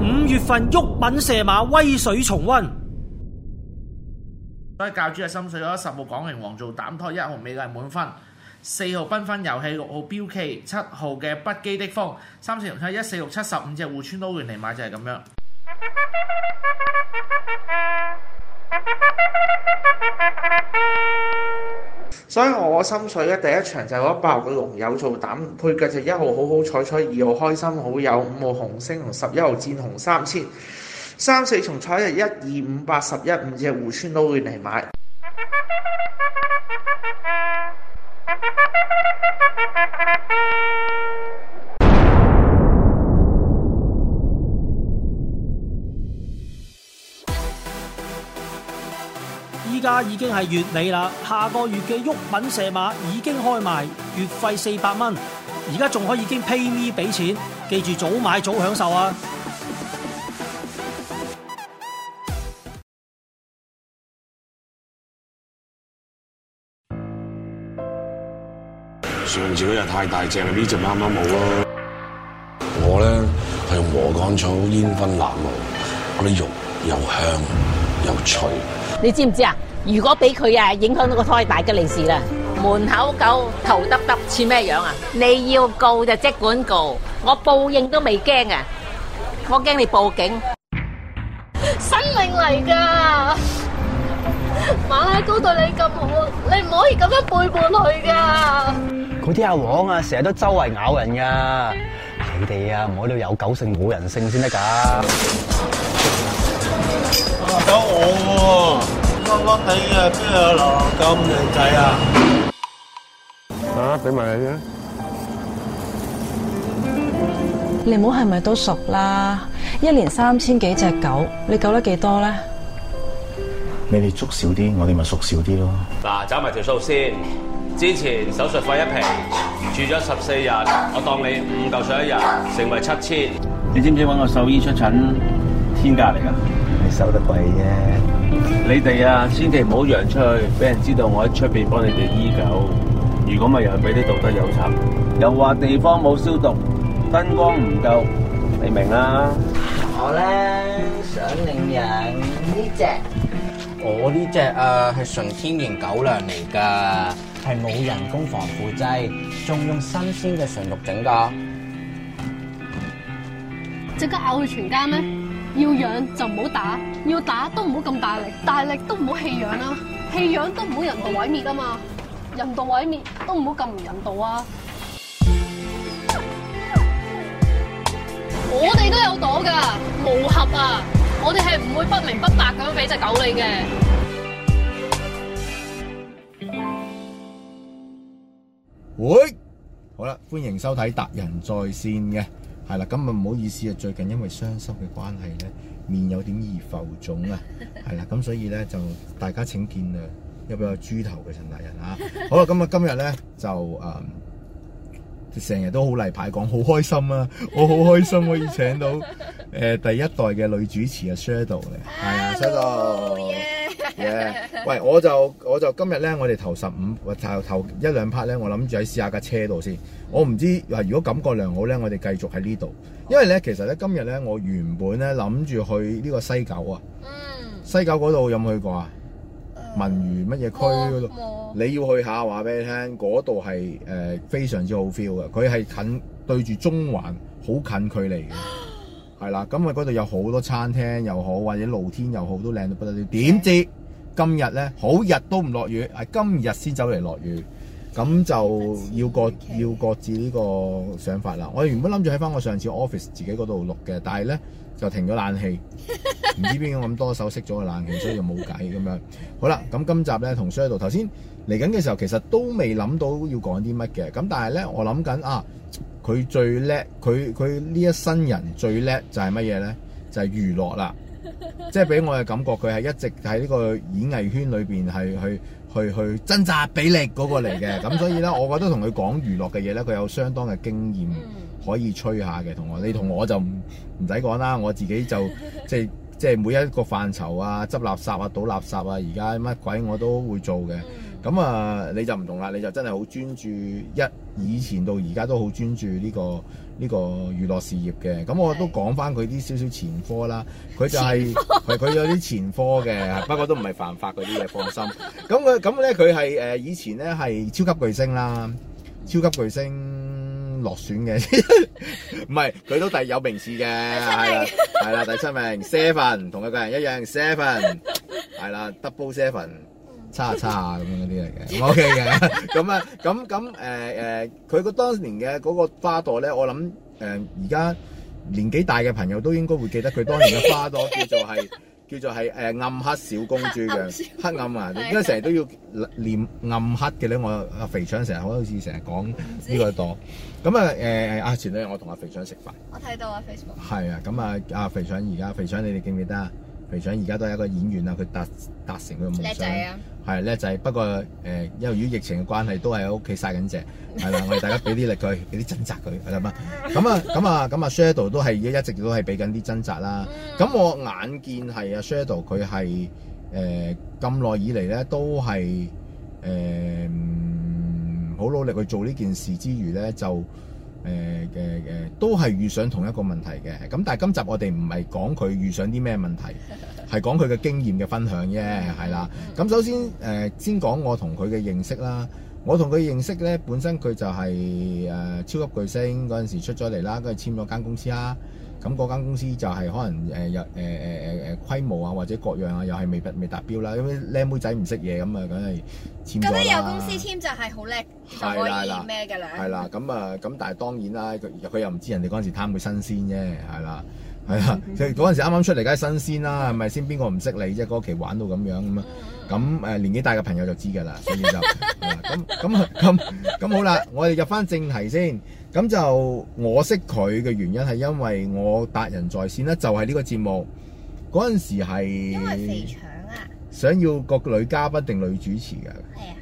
五月份郁品射馬威水重温，所以教主係心水咗十號港形王做膽拖，一號美就係滿分，四號繽紛遊戲，六號標 K，七號嘅不羈的風，三四龍彩一四六七十五隻戶村歐元嚟買就係咁樣。所以我心水咧第一場就係攞八號嘅龍友做膽，配腳就一號好好彩彩，二號開心好友，五號紅星同十一號戰紅三千，三四重彩日，一二五八十一，五隻胡村都會嚟買。已經係月尾啦，下個月嘅玉品蛇馬已經開賣，月費四百蚊，而家仲可以經 pay me 俾錢，記住早買早享受啊！上次嗰隻太大隻啦，我呢隻啱啱好咯。我咧係用禾稈草煙燻臘肉，嗰啲肉又香又脆，你知唔知啊？如果俾佢啊，影響到個胎大吉利事啦！門口狗頭耷耷似咩樣啊？你要告就即管告，我報應都未驚啊！我驚你報警。生命嚟噶，馬拉高對你咁好，你唔可以咁樣背叛佢噶。嗰啲阿黃啊，成日都周圍咬人噶，你哋啊，唔可以有狗性冇人性先得噶。狗惡。我睇下邊有流浪狗咁靚仔啊！啊，俾埋你啦！你唔好係咪都熟啦？一年三千幾隻狗，你救得幾多咧？你哋捉少啲，我哋咪贖少啲咯。嗱，找埋條數先。之前手術費一皮，住咗十四日，我當你五舊水一日，成為七千。你知唔知揾個獸醫出診天價嚟噶？你收得貴啫。你哋啊，千祈唔好揚出去，俾人知道我喺出邊幫你哋醫狗。如果唔係，又俾啲道德有賊，又話地方冇消毒，燈光唔夠，你明啦。我咧想領養呢隻，我呢隻誒係純天然狗糧嚟噶，係冇人工防腐劑，仲用新鮮嘅純肉整噶。即刻咬去全家咩？要養就唔好打，要打都唔好咁大力，大力都唔好棄養啦，棄養都唔好人道毀滅啊嘛，人道毀滅都唔好咁唔人道啊！我哋都有朵噶，無合啊！我哋係唔會不明不白咁俾隻狗你嘅。喂，好啦，歡迎收睇達仁在綫嘅。係啦，咁啊唔好意思啊，最近因為傷心嘅關係咧，面有點易浮腫啊，係、嗯、啦，咁、嗯、所以咧就大家請見諒啊，有冇有豬頭嘅陳大人啊？好啦，咁、嗯、啊今日咧就誒成日都好例牌講，好開心啊，我好開心可以請到誒、 呃、第一代嘅女主持 啊 Shadow 咧，係啊，Shadow。 喂，我就我就今日咧，我哋頭十五或頭頭一兩 part 咧，我諗住喺試下架車度先。我唔知話如果感覺良好咧，我哋繼續喺呢度。因為咧，其實咧今日咧，我原本咧諗住去呢個西九啊，嗯、西九嗰度有冇去過啊？嗯、文娛乜嘢區嗰度？你要去下，話俾你聽，嗰度係誒非常之好 feel 嘅。佢係近對住中環，好近距離嘅，係啦、嗯。咁啊，嗰、嗯、度有好多餐廳又好，或者露天又好，都靚到不得了。點知？今日咧好日都唔落雨，係今日先走嚟落雨，咁就要各要各自呢個想法啦。我原本諗住喺翻我上次 office 自己嗰度錄嘅，但係咧就停咗冷氣，唔 知邊個咁多手熄咗個冷氣，所以就冇計咁樣。好啦，咁今集咧同 Shadow 喺度，頭先嚟緊嘅時候其實都未諗到要講啲乜嘅，咁但係咧我諗緊啊，佢最叻，佢佢呢一生人最叻就係乜嘢咧？就係、是、娛樂啦。即係俾我嘅感覺，佢係一直喺呢個演藝圈裏邊係去去去掙扎比力嗰個嚟嘅，咁所以呢，我覺得同佢講娛樂嘅嘢呢，佢有相當嘅經驗可以吹下嘅。同我，你同我就唔唔使講啦，我自己就即係即係每一個範疇啊，執垃圾啊，倒垃圾啊，而家乜鬼我都會做嘅。咁啊，嗯，你就唔同啦，你就真係好專注一以前到而家都好專注呢，這個呢，這個娛樂事業嘅。咁我都講翻佢啲少少前科啦，佢就係佢佢，有啲前科嘅，科 不過都唔係犯法嗰啲嘢，放心。咁佢咁咧，佢係誒以前咧係超級巨星啦，超級巨星落選嘅，唔係佢都第有名次嘅，係啦係啦，第七名 seven，同一個人一樣 seven，係啦 double seven。7, 叉叉差下咁樣嗰啲嚟嘅，OK 嘅。咁啊，咁咁誒誒，佢個當年嘅嗰個花朵咧，我諗誒而家年紀大嘅朋友都應該會記得佢當年嘅花朵叫做係叫做係誒暗黑小公主嘅黑暗啊，點解成日都要念暗黑嘅咧？我阿肥腸成日好似成日講呢個朵。咁啊誒阿前女士，我同阿肥腸食飯。我睇到啊肥 a 係啊，咁啊阿肥腸而家，肥腸你哋記唔記得啊？肥腸而家都係一個演員啊，佢達達成佢夢想，係叻仔。不過誒，因為如果疫情嘅關係，都係喺屋企晒緊隻，係啦，我哋大家俾啲力佢，俾啲 掙扎佢，係啦，咁啊，咁啊，咁啊，Shadow 都係一一直都係俾緊啲掙扎啦。咁、嗯、我眼見係啊 Shadow 佢係誒咁、呃、耐以嚟咧，都係誒好努力去做呢件事之餘咧就。誒嘅嘅都係遇上同一個問題嘅，咁但係今集我哋唔係講佢遇上啲咩問題，係講佢嘅經驗嘅分享啫，係啦。咁、嗯嗯、首先誒、呃，先講我同佢嘅認識啦。我同佢認識咧，本身佢就係、是、誒、呃、超級巨星嗰陣時出咗嚟啦，跟住簽咗間公司啦。咁嗰間公司就係可能誒入誒誒誒誒規模啊或者各樣啊又係未達未達標啦，因為僆妹仔唔識嘢咁啊，梗係簽咗啦。咁有公司簽就係好叻就可以咩㗎啦。係啦，咁啊咁但係當然啦，佢佢又唔知人哋嗰陣時貪佢新鮮啫，係啦，係啦，即係嗰陣時啱啱出嚟梗係新鮮啦，係咪 先？邊個唔識你啫？嗰、嗰個、期玩到咁樣咁啊。咁誒年紀大嘅朋友就知㗎啦，所以就咁咁咁咁好啦，我哋入翻正題先。咁就我識佢嘅原因係因為我達仁在線啦，就係呢個節目嗰陣時係因為肥腸啊，想要個女嘉賓定女主持㗎？係啊，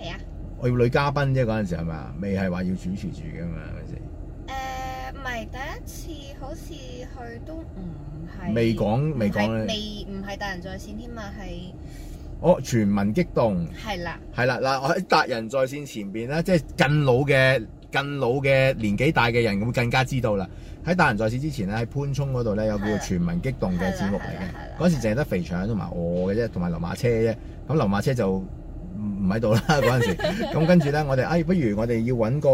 係啊，我要女嘉賓啫嗰陣時，係咪啊，未係話要主持住㗎嘛，係咪先？誒唔係第一次，好似去都唔係未講未講咧，未唔係達仁在線添嘛係。哦！全民激動係啦，係啦，嗱，喺達仁在線前邊咧，即係更老嘅、更老嘅年紀大嘅人，會更加知道啦。喺達仁在線之前咧，喺潘涌嗰度咧有個叫做全民激動嘅節目嚟嘅。嗰陣時淨係得肥腸同埋我嘅啫，同埋流馬車啫。咁流馬車就唔喺度啦嗰陣時。咁 跟住咧，我哋哎，不如我哋要揾個，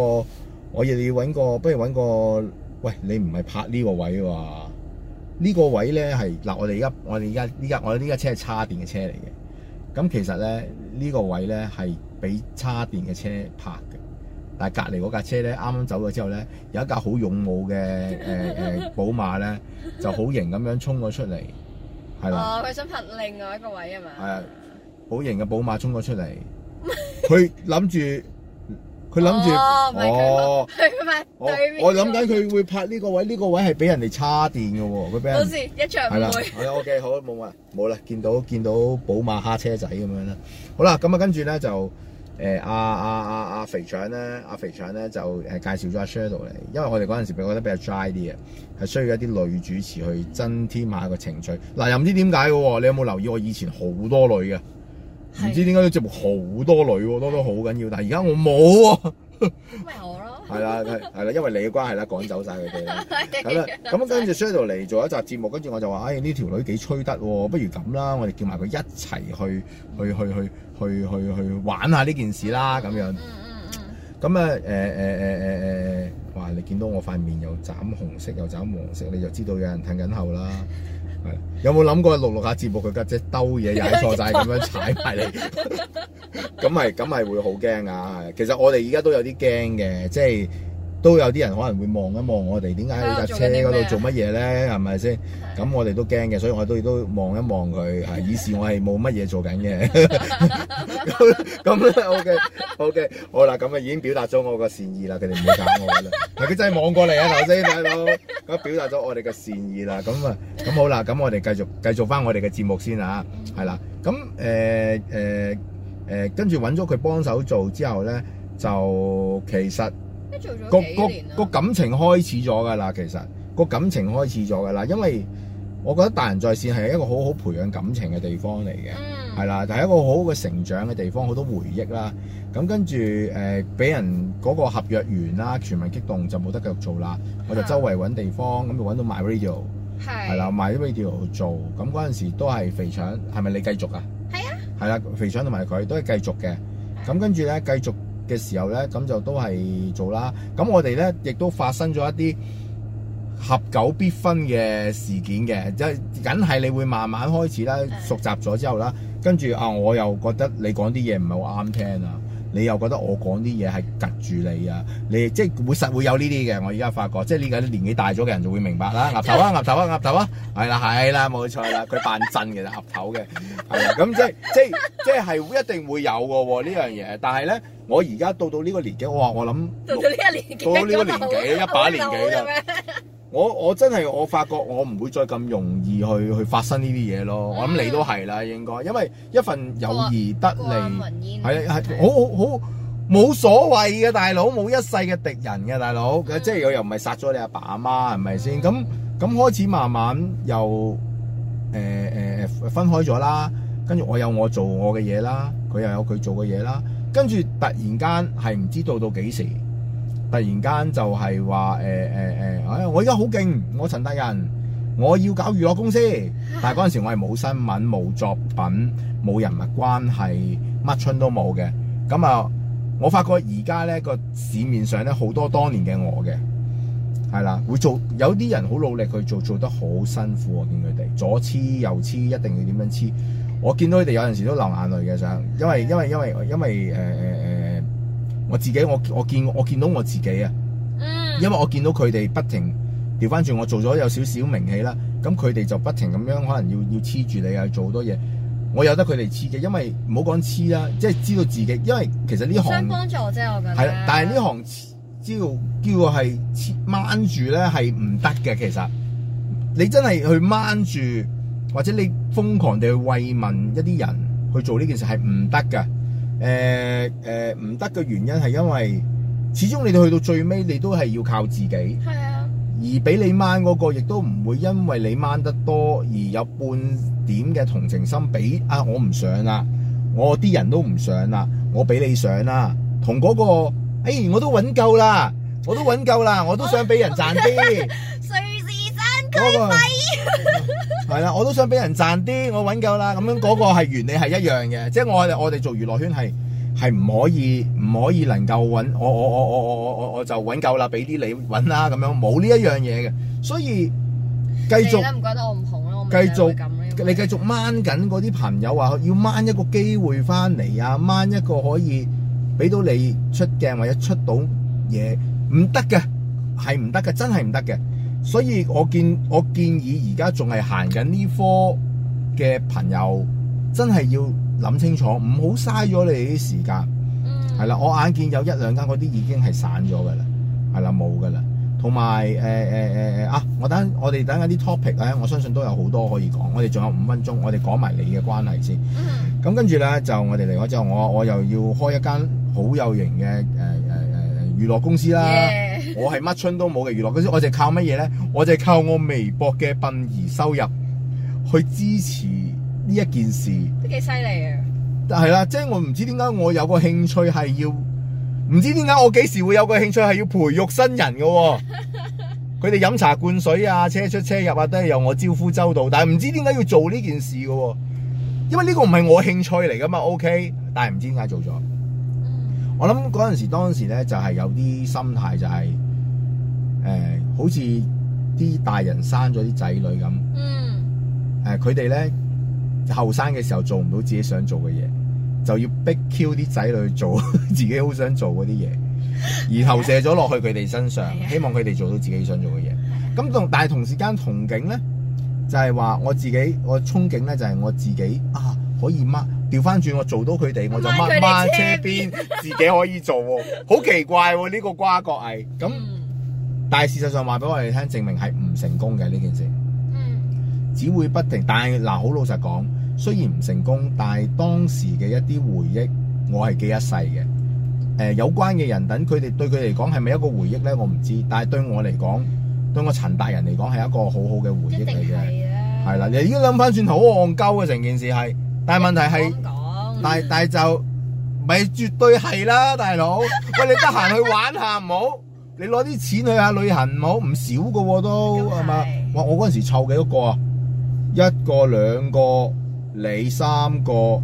我哋要揾個，不如揾個。喂，你唔係拍呢個位喎，啊？呢、呢個位咧係嗱，我哋而家我哋而家呢架我哋呢架車係叉電嘅車嚟嘅。咁其實咧，呢個位咧係俾叉電嘅車拍嘅，但係隔離嗰架車咧，啱啱走咗之後咧，有一架好勇武嘅誒誒寶馬咧，就好型咁樣衝咗出嚟，係啦。哦，佢想拍另外一個位啊嘛？係啊，好型嘅寶馬衝咗出嚟，佢諗住。 佢諗住哦，唔係我我諗緊佢會拍呢個位，呢、呢個位係俾人哋叉電嘅喎，個咩？冇事，一場唔會。係啦了 ，OK，好，冇問，冇啦，見到見到寶馬蝦車仔咁樣啦。好啦，咁、呃、啊，跟住咧就誒阿阿阿阿肥腸咧，阿、啊、肥腸咧就誒介紹咗阿 Shadow 嚟，因為我哋嗰陣時覺得比較 dry 啲啊，係需要一啲女主持去增添下個情趣。嗱，又唔知點解嘅喎，你有冇留意我以前好多女嘅？唔是知點解啲節目好多女喎，都好緊要。但係而家我冇喎、啊，因為我咯。係啦， 係啦，因為你嘅關係啦，趕走晒佢哋。係嘅。咁咁跟住 Shadow 到嚟做一集節目，跟住我就話，哎，呢條女幾吹得，不如咁啦，我哋叫埋佢一齊去，去去去去去去玩下呢件事啦。咁樣、嗯嗯嗯、樣。嗯嗯咁啊，誒誒誒誒誒，話、呃呃呃呃、你見到我塊面又斬紅色，又斬黃色，你就知道有人睇緊後啦。有冇諗過錄錄下節目，佢家姐兜嘢踩錯晒咁樣踩埋嚟？咁咪咁咪會好驚噶？其實我哋而家都有啲驚嘅，即係。都有啲人可能會望一望我哋，點解喺你架車嗰度做乜嘢咧？係咪先？咁我哋都驚嘅，所以我哋都都望一望佢，係以示我係冇乜嘢做緊嘅。咁咁咧，OK，OK，好啦，咁啊已經表達咗我個善意啦，佢哋唔會搞我啦。係佢真係望過嚟啊，頭先大佬，咁表達咗我哋嘅善意啦。咁啊，咁好啦，咁我哋繼續繼續翻我哋嘅節目先啦，係啦。咁誒誒誒，跟住揾咗佢幫手做之後咧，就其實。個，個，個感情開始咗噶啦，其實個感情開始咗噶啦，因為我覺得達仁在線係一個好好培養感情嘅地方嚟嘅，係啦、嗯，係一個好好嘅成長嘅地方，好多回憶啦。咁跟住誒，俾、呃、人嗰個合約完啦，全民激動就冇得繼續做啦，我就周圍搵地方，咁、嗯、就搵到 MyRadio，係啦是，MyRadio 做。咁嗰陣時都係肥腸，係咪你繼續啊？係啊，係啦，肥腸同埋佢都係繼續嘅。咁跟住咧，繼，繼續。嘅時候咧，咁就都係做啦。咁我哋咧亦都發生咗一啲合久必分嘅事件嘅，即係梗係你會慢慢開始啦，嗯、熟習咗之後啦，跟住啊，我又覺得你講啲嘢唔係好啱聽啊。你又覺得我講啲嘢係隔住你啊？你即係會實會有呢啲嘅，我而家發覺，即係呢個年紀大咗嘅人就會明白啦。鴨頭啊，鴨頭啊，鴨頭啊，係啦，係啦，冇錯啦，佢扮真嘅，就鴨頭嘅，係啊，咁即係即係即係係一定會有喎呢樣嘢。但係咧，我而家到到呢個年紀，我話我諗到到呢個年紀，到呢個年紀一把年紀啦。我我真係我發覺我唔會再咁容易去去發生呢啲嘢咯，嗯、我諗你都係啦，應該，因為一份友誼得嚟係係好好冇所謂嘅大佬，冇一世嘅敵人嘅大佬，嗯、即係又又唔係殺咗你阿爸阿媽係咪先？咁咁、嗯、開始慢慢又誒誒、呃呃、分開咗啦，跟住我有我做我嘅嘢啦，佢又有佢做嘅嘢啦，跟住突然間係唔知道到幾時。突然間就係話誒誒誒，我我依家好勁，我陳達仁，我要搞娛樂公司。但係嗰陣時我係冇新聞、冇作品、冇人物關係，乜春都冇嘅。咁啊，我發覺而家咧個市面上咧好多當年嘅我嘅，係啦，會做有啲人好努力去做，做得好辛苦。我見佢哋左黐右黐，一定要點樣黐？我見到佢哋有陣時都流眼淚嘅，就因為因為因為因為誒誒誒。呃呃我自己我我見我見到我自己啊，嗯、因為我見到佢哋不停調翻轉，我做咗有少少名氣啦，咁佢哋就不停咁樣可能要要黐住你啊，做好多嘢，我由得佢哋黐嘅，因為唔好講黐啦，即係知道自己，因為其實呢行幫助啫，我覺得係但係呢行知要叫係黐掹住咧係唔得嘅，其實你真係去掹住或者你瘋狂地去慰問一啲人去做呢件事係唔得嘅。誒誒，唔得嘅原因係因為，始終你哋去到最尾，你都係要靠自己。係啊。而俾你掹嗰個，亦都唔會因為你掹得多而有半點嘅同情心俾啊！我唔上啦，我啲人都唔上啦，我俾你上啦。同嗰、嗰個，誒、哎，我都揾夠啦，我都揾夠啦，我都想俾人賺啲。 嗰個係啦，我都想俾人賺啲，我揾夠啦。咁樣嗰個係原理係一樣嘅，即係我我哋做娛樂圈係係唔可以唔可以能夠揾我我我我我我我我就揾夠啦，俾啲你揾啦咁樣，冇呢一樣嘢嘅。所以繼續唔覺得我唔紅咯，我繼續咁。你繼續掹緊嗰啲朋友呀，要掹一個機會翻嚟啊，掹一個可以俾到你出鏡或者出到嘢，唔得嘅係唔得嘅，真係唔得嘅。所以我建我建議而家仲係行緊呢科嘅朋友，真係要諗清楚，唔好嘥咗你啲時間。係啦、嗯，我眼見有一兩間嗰啲已經係散咗㗎啦，係啦，冇㗎啦。同埋誒誒誒誒啊！我等我哋等緊啲 topic 咧，我相信都有好多可以講。我哋仲有五分鐘，我哋講埋你嘅關係先。咁、嗯、跟住咧，就我哋嚟咗之後，我我又要開一間好有型嘅誒誒誒誒娛樂公司啦。Yeah. 我係乜春都冇嘅娛樂，我就靠乜嘢呢？我就靠我微博嘅殯儀收入去支持呢一件事。都幾犀利啊！但係啦，即係我唔知點解我有個興趣係要，唔知點解我幾時會有個興趣係要培育新人㗎喎。佢哋 飲茶灌水啊，車出車入啊，都係由我招呼周到，但係唔知點解要做呢件事㗎喎。因為呢個唔係我興趣嚟㗎嘛，OK，但係唔知點解做咗。我諗嗰陣時，當時咧，就係有啲心態，就係、是、誒、就是呃，好似啲大人生咗啲仔女咁。嗯。誒、呃，佢哋咧，後生嘅時候做唔到自己想做嘅嘢，就要逼 Q 啲仔女做自己好想做嗰啲嘢，而投射咗落去佢哋身上， 希望佢哋做到自己想做嘅嘢。咁同但係同時間，憧憬咧就係、是、話我自己，我憧憬咧就係、是、我自己啊。可以掹掉翻轉，我做到佢哋，我就掹返車邊自己可以做， 好奇怪呢、這個瓜葛。哎，咁、嗯、但係事實上話俾我哋聽，證明係唔成功嘅呢件事，嗯、只會不停。但係嗱，好、呃、老實講，雖然唔成功，但係當時嘅一啲回憶，我係記一世嘅。誒、呃，有關嘅人等，佢哋對佢嚟講係咪一個回憶呢？我唔知，但係對我嚟講，對我陳達仁嚟講，係一個好好嘅回憶嚟嘅，係啦。你而家諗翻轉好戇鳩嘅成件事係。但係問題係，但係但係就咪絕對係啦，大佬。 喂，你得閒去玩下唔好？你攞啲錢去下旅行唔好？唔少噶、啊、都係嘛？哇是！我嗰陣時湊幾多個啊？一個、兩個、你三個，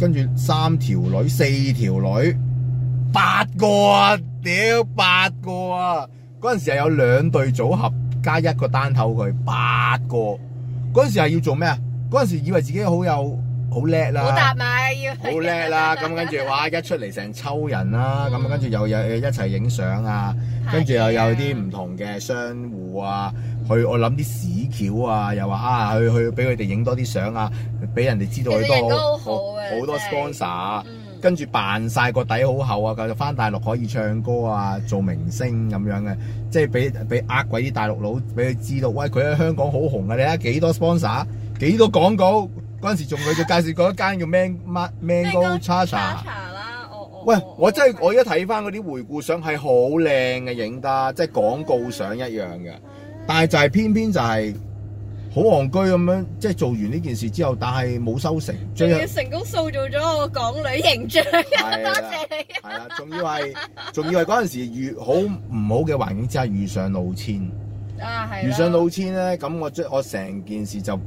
跟住三條女、四條女，八個啊！屌，八個啊！嗰陣時係有兩隊組合加一個單頭佢，八個。嗰陣時係要做咩啊？嗰陣時以為自己好有。好叻啦！好搭咪要好叻啦！咁跟住話，一出嚟成抽人啦！咁跟住又又一齊影相啊！跟住又有啲唔同嘅商戶啊，去我諗啲屎橋啊，又話啊，去去俾佢哋影多啲相啊，俾人哋知道佢多好多 sponsor，跟住扮晒個底好厚啊！繼續翻大陸可以唱歌啊，做明星咁樣嘅，即係俾俾呃鬼啲大陸佬，俾佢知道喂，佢喺香港好紅啊，你睇幾多 sponsor，幾多廣告。嗰陣時仲去咗介紹過一間叫咩 Man，乜 Mango 茶茶啦，喂，我真係我而家睇返嗰啲回顧相係好靚嘅影㗎，即係廣告相一樣嘅，唉但係就係偏偏就係好戇居咁樣，即係做完呢件事之後，但係冇收成。仲要成功塑造咗我港女形象，多謝你。係啊，仲要係仲要係嗰陣時遇好唔好嘅環境之下遇上老千，啊係，遇上老千咧，咁我即我成件事就。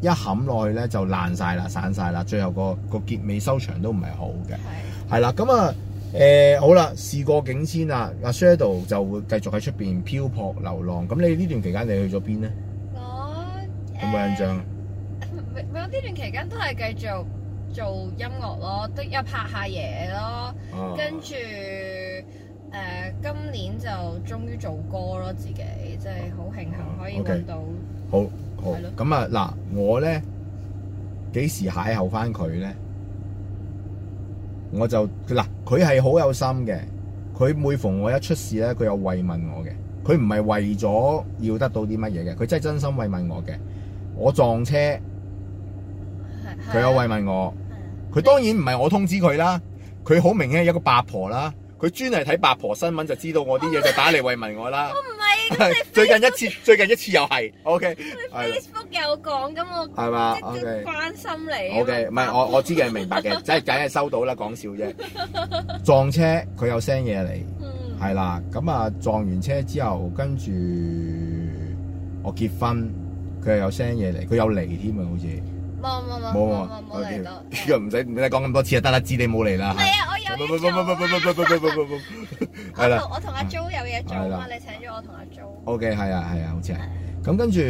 一冚落去咧就爛晒啦，散晒啦，最後個個結尾收場都唔係好嘅。係係啦，咁啊，誒、呃、好啦，事過境遷啦，阿 Shadow 就會繼續喺出邊漂泊流浪。咁你呢段期間你去咗邊咧？我、呃、有冇印象？我呢、呃、段期間都係繼續做音樂咯，都有拍一下嘢咯，啊、跟住誒、呃、今年就終於做歌咯，自己即係好慶幸、啊、可以到、okay. 好。咁啊，嗱，我咧幾時邂逅翻佢咧？我就嗱，佢係好有心嘅，佢每逢我一出事咧，佢有慰問我嘅。佢唔係為咗要得到啲乜嘢嘅，佢真係真心慰問我嘅。我撞車，佢是有慰問我。佢、啊、當然唔係我通知佢啦，佢好明顯係一個八婆啦，佢專係睇八婆新聞就知道我啲嘢，就打嚟慰問我啦。我最近一次，最近一次又係，OK，Facebook 有講㗎吧我係嘛，O K 關心你，O K，唔係我我知嘅，明白嘅，即係梗係收到啦，講笑啫。撞車佢有聲嘢嚟，係啦，咁啊撞完車之後，跟住我結婚，佢又有聲嘢嚟，佢有嚟添啊，好似。冇冇冇冇嚟到，啲嘢唔使唔使講咁多次就得啦，知你冇嚟啦。係啊，我有啊，我同阿 Jo 有嘢做啊嘛，你請咗我同阿 Jo。OK，係啊，係啊，好似係。噉跟住，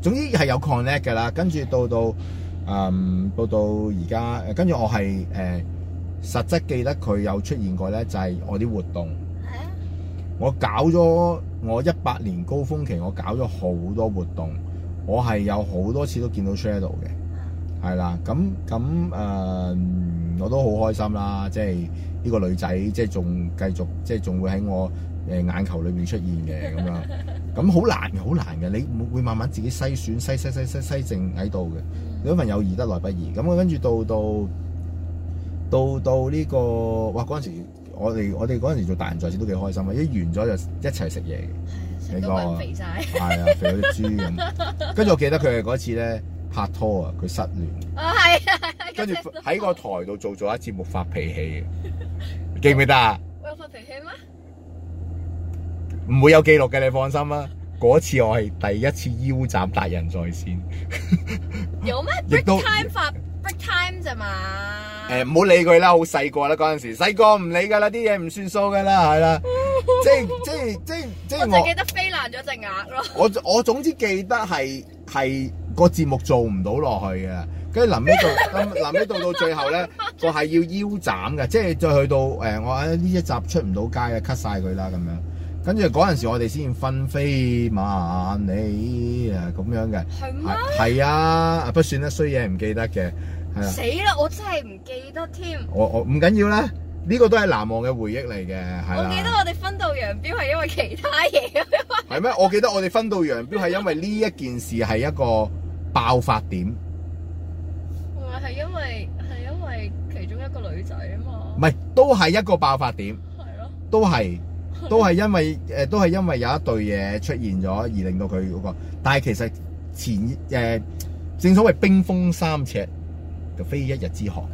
總之係有 connect 嘅啦。跟住到到，到到而家，跟住我係，實質記得佢有出現過呢，就係我啲活動。我搞咗，我一百年高峰期，我搞咗好多活動。我係有好多次都見到 Shadow 嘅，係啦，咁咁誒，我都好開心啦，即係呢、這個女仔，即係仲繼續，即係仲會喺我誒眼球裏面出現嘅咁樣。咁好難嘅，好難嘅，你會慢慢自己篩選篩篩篩篩篩剩喺度嘅。嗯、你一份友誼得來不易，咁跟住到到到到呢、這個，哇！嗰陣時我哋我哋嗰陣時做達仁在線都幾開心啊，一完咗就一齊食嘢嘅。肥仔啊？係 啊，肥咗啲豬咁。跟住 我記得佢係嗰次咧拍拖啊，佢失戀。啊，係啊，係。跟住喺個台度做咗一節目發脾氣，記唔記得啊？ 我有發脾氣咩？唔會有記錄嘅，你放心啦。嗰次我係第一次腰斬達仁在線。 有咩？亦都。 time 咋嘛？誒，唔好理佢啦，好細個啦嗰陣時，細個唔理噶啦，啲嘢唔算數噶啦，係啦，即係即係即係即係我記得飛爛咗隻鵝咯。我我總之記得係係個節目做唔到落去嘅，跟住臨呢度，臨呢度到最後咧，我係要腰斬嘅，即係再去到誒，我喺呢一集出唔到街啊，cut 晒佢啦咁樣。跟住嗰陣時我哋先分飛萬里啊，咁樣嘅係嘛？係啊，不算啦，衰嘢唔記得嘅。死啦！我真係唔記得添。我我唔緊要啦，呢個都係難忘嘅回憶嚟嘅。我記得我哋分道揚鑣係因為其他嘢啊嘛。係咩？我記得我哋分道揚鑣係因為呢一件事係一個爆發點。唔係，係因為係因為其中一個女仔啊嘛。唔係，都係一個爆發點。係咯。都係都係因為誒，都係因為有一對嘢出現咗而令到佢嗰個。但係其實前誒，正所謂冰封三尺。就非一日之寒，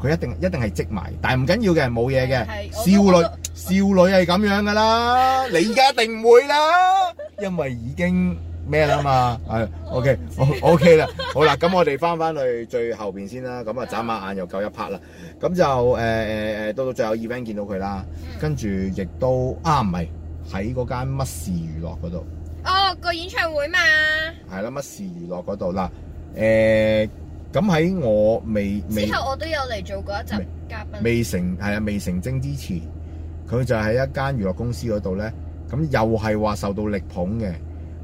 佢一定一定係積埋，但係唔緊要嘅，冇嘢嘅。少女少女係咁樣噶啦，你而家一定唔會啦，因為已經咩啦嘛。係，OK，OK 啦，好啦，咁我哋翻翻去最後邊先啦，咁啊眨下眼又夠一 part 啦，咁就誒誒誒到到最後 event 見到佢啦，跟住亦都啊唔係喺嗰間乜事娛樂嗰度哦個演唱會嘛係啦乜事娛樂嗰度啦誒。咁喺我未未之後，我都有嚟做過一集嘉賓。未成係啊，未成精之前，佢就喺一間娛樂公司嗰度咧。咁又係話受到力捧嘅。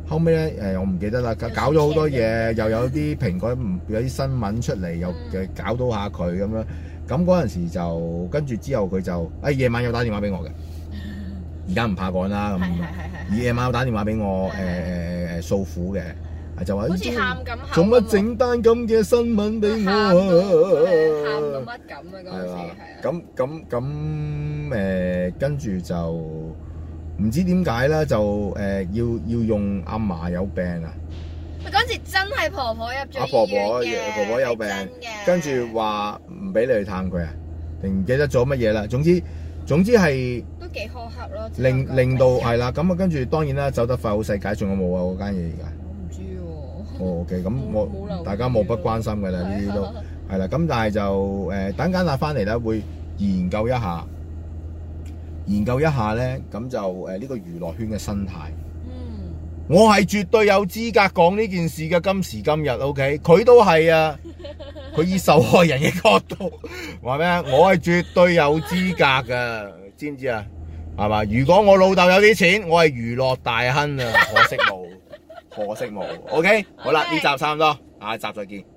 後尾咧，誒我唔記得啦。搞咗好多嘢，又有啲蘋果，唔有啲新聞出嚟，又嘅搞到下佢咁樣。咁嗰陣時就跟住之後，佢就誒夜晚有打電話俾我嘅。而家唔怕講啦，咁夜晚有打電話俾我誒誒訴苦嘅。就喊，做乜整單咁嘅新聞俾我？喊到乜咁啊？陣時係啊！咁咁咁誒，跟住就唔知點解啦，就誒要要用阿嫲有病啊！佢嗰陣時真係婆婆入咗阿婆婆，婆婆有病，跟住話唔俾你去探佢啊！定唔記得咗乜嘢啦？總之總之係都幾苛刻咯，令令到係啦。咁啊，跟住當然啦，走得快好世界，仲有冇啊？嗰間嘢而家？O K，咁我大家漠不關心嘅啦，呢啲都係啦。咁、啊、但係就誒、呃，等間啊，翻嚟咧會研究一下，研究一下咧，咁就誒呢、呃這個娛樂圈嘅生態。嗯，我係絕對有資格講呢件事嘅，今時今日，O K，佢都係啊，佢以受害人嘅角度話咩啊？我係絕對有資格噶，知唔知啊？係嘛？如果我老豆有啲錢，我係娛樂大亨啊，可惜冇。 可惜冇，OK，好啦，呢集差唔多，下一集再見。